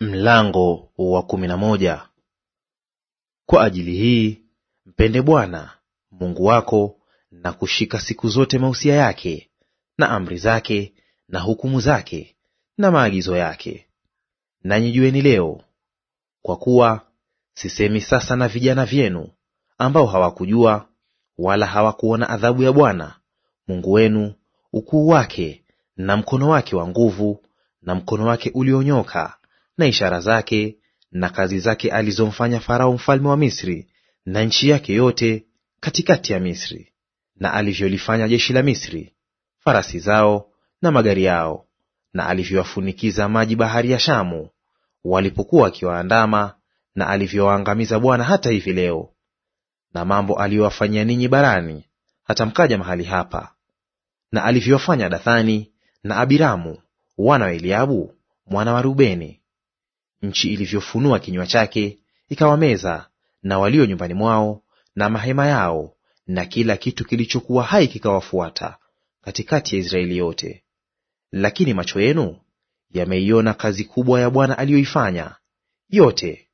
Mlango wa kumi na moja. Kwa ajili hii mpende Bwana Mungu wako na kushika siku zote mausia yake na amri zake na hukumu zake na maagizo yake. Nanyi jueni leo, kwa kuwa sisemi sasa na vijana vyenu ambao hawakujua wala hawakuona adhabu ya Bwana Mungu wenu, ukuu wake na mkono wake wa nguvu na mkono wake ulionyoka na ishara zake na kazi zake alizomfanya Farao mfalme wa Misri na nchi yake yote katikati ya Misri, na alivyolifanya jeshi la Misri, farasi zao na magari yao, na alivyowafunikiza maji bahari ya Shamu walipokuwa wakiwaandama, na alivyowaangamiza Bwana hata hivi leo, na mambo aliyowafanyia ninyi barani hata mkaja mahali hapa, na alivyowafanya Dathani na Abiramu wana wa Eliabu mwana wa Rubeni nchi ilivyofunua kinywa chake ikawameza, na walio nyumbani mwao na mahema yao, na kila kitu kilichokuwa hai kikawafuata katikati ya Israeli yote. Lakini macho yenu yameiona kazi kubwa ya Bwana aliyoifanya yote.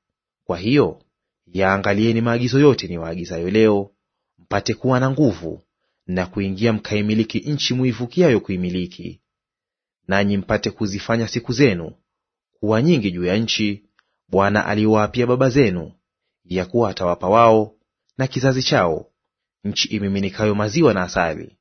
Kwa hiyo yaangalieni maagizo yote ni waagiza leo, mpate kuwa na nguvu na kuingia mkaimiliki nchi muivukiayo kuimiliki, nanyi mpate kuzifanya siku zenu kuwa nyingi juu ya nchi, Bwana aliwaapia baba zenu, ya kuwa atawapa wao na kizazi chao nchi imiminikayo maziwa na asali.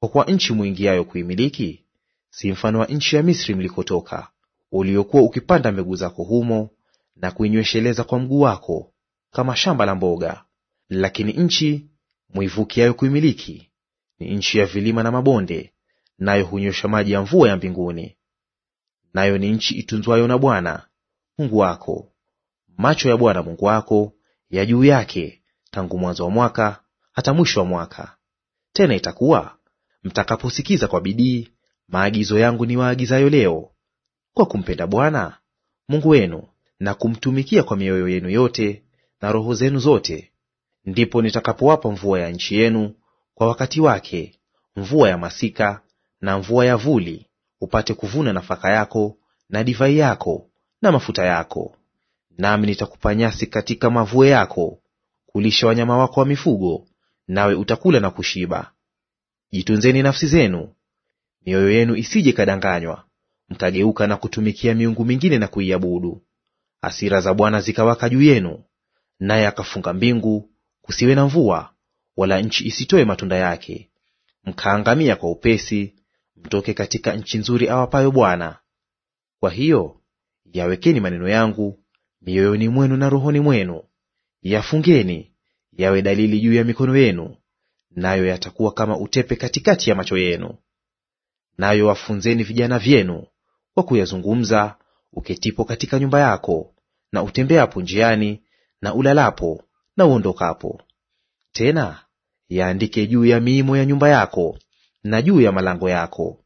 Kwa kuwa nchi mwingiayo kuimiliki si mfano wa nchi ya Misri mlikotoka, uliokuwa ukipanda mbegu zako humo na kuinywesheleza kwa mguu wako kama shamba la mboga. Lakini nchi mwivukiayo kuimiliki ni nchi ya vilima na mabonde, nayo hunywesha maji ya mvua ya mbinguni nayo ni nchi itunzwayo na Bwana Mungu wako. Macho ya Bwana Mungu wako ya juu yake tangu mwanzo wa mwaka hata mwisho wa mwaka. Tena itakuwa mtakaposikiza kwa bidii maagizo yangu niwaagizayo leo, kwa kumpenda Bwana Mungu wenu na kumtumikia kwa mioyo yenu yote na roho zenu zote, ndipo nitakapowapa mvua ya nchi yenu kwa wakati wake, mvua ya masika na mvua ya vuli upate kuvuna nafaka yako na divai yako na mafuta yako. Nami nitakupa nyasi katika mavue yako kulisha wanyama wako wa mifugo, nawe utakula na kushiba. Jitunzeni nafsi zenu, mioyo yenu isije kadanganywa, mkageuka na kutumikia miungu mingine na kuiabudu. Hasira za Bwana zikawaka juu yenu, naye akafunga mbingu kusiwe na mvua, wala nchi isitoe matunda yake, mkaangamia kwa upesi mtoke katika nchi nzuri awapayo Bwana. Kwa hiyo yawekeni maneno yangu mioyoni mwenu na rohoni mwenu, yafungeni yawe dalili juu ya mikono yenu, nayo yatakuwa kama utepe katikati ya macho yenu. Nayo wafunzeni vijana vyenu kwa kuyazungumza, uketipo katika nyumba yako, na utembeapo njiani, na ulalapo na uondokapo. Tena yaandike juu ya miimo ya nyumba yako na juu ya malango yako,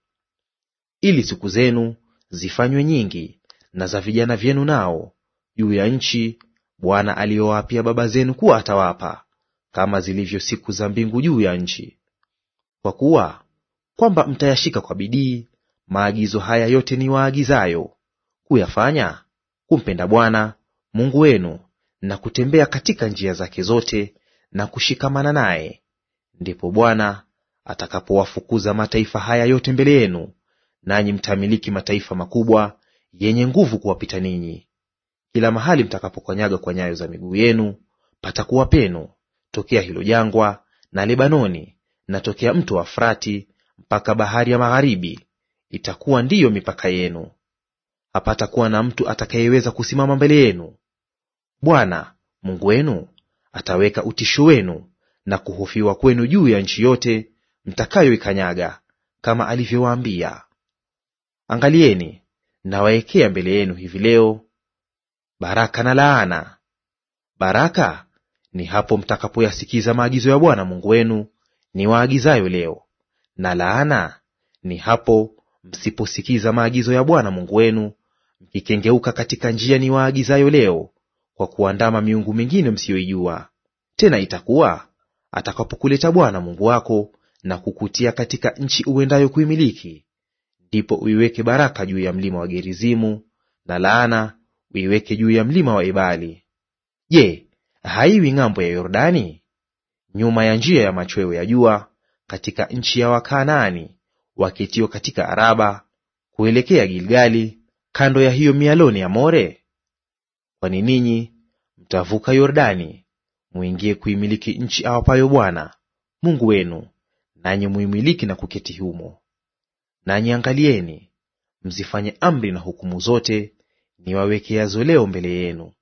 ili siku zenu zifanywe nyingi na za vijana vyenu nao juu ya nchi Bwana aliyowapia baba zenu kuwa atawapa, kama zilivyo siku za mbingu juu ya nchi. Kwa kuwa kwamba mtayashika kwa bidii maagizo haya yote ni waagizayo kuyafanya, kumpenda Bwana Mungu wenu na kutembea katika njia zake zote na kushikamana naye, ndipo Bwana atakapowafukuza mataifa haya yote mbele yenu, nanyi mtamiliki mataifa makubwa yenye nguvu kuwapita ninyi. Kila mahali mtakapokanyaga kwa nyayo za miguu yenu patakuwa penu, tokea hilo jangwa na Lebanoni na tokea mto wa Frati mpaka bahari ya magharibi, itakuwa ndiyo mipaka yenu. Hapatakuwa na mtu atakayeweza kusimama mbele yenu. Bwana Mungu wenu ataweka utisho wenu na kuhofiwa kwenu juu ya nchi yote mtakayoikanyaga, kama alivyowaambia. Angalieni, nawaekea mbele yenu hivi leo baraka na laana. Baraka ni hapo mtakapoyasikiza maagizo ya Bwana Mungu wenu ni waagizayo leo, na laana ni hapo msiposikiza maagizo ya Bwana Mungu wenu mkikengeuka katika njia ni waagizayo leo, kwa kuandama miungu mingine msiyoijua. Tena itakuwa atakapokuleta Bwana Mungu wako na kukutia katika nchi uendayo kuimiliki, ndipo uiweke baraka juu ya mlima wa Gerizimu, na laana uiweke juu ya mlima wa Ebali. Je, haiwi ng'ambo ya Yordani, nyuma ya njia ya machweo ya jua, katika nchi ya Wakanaani waketio katika Araba, kuelekea Gilgali, kando ya hiyo mialoni ya More? Kwani ninyi mtavuka Yordani, mwingie kuimiliki nchi awapayo Bwana Mungu wenu nanyi muimiliki na kuketi humo. Nanyi angalieni, mzifanye amri na hukumu zote niwawekeazo leo mbele yenu,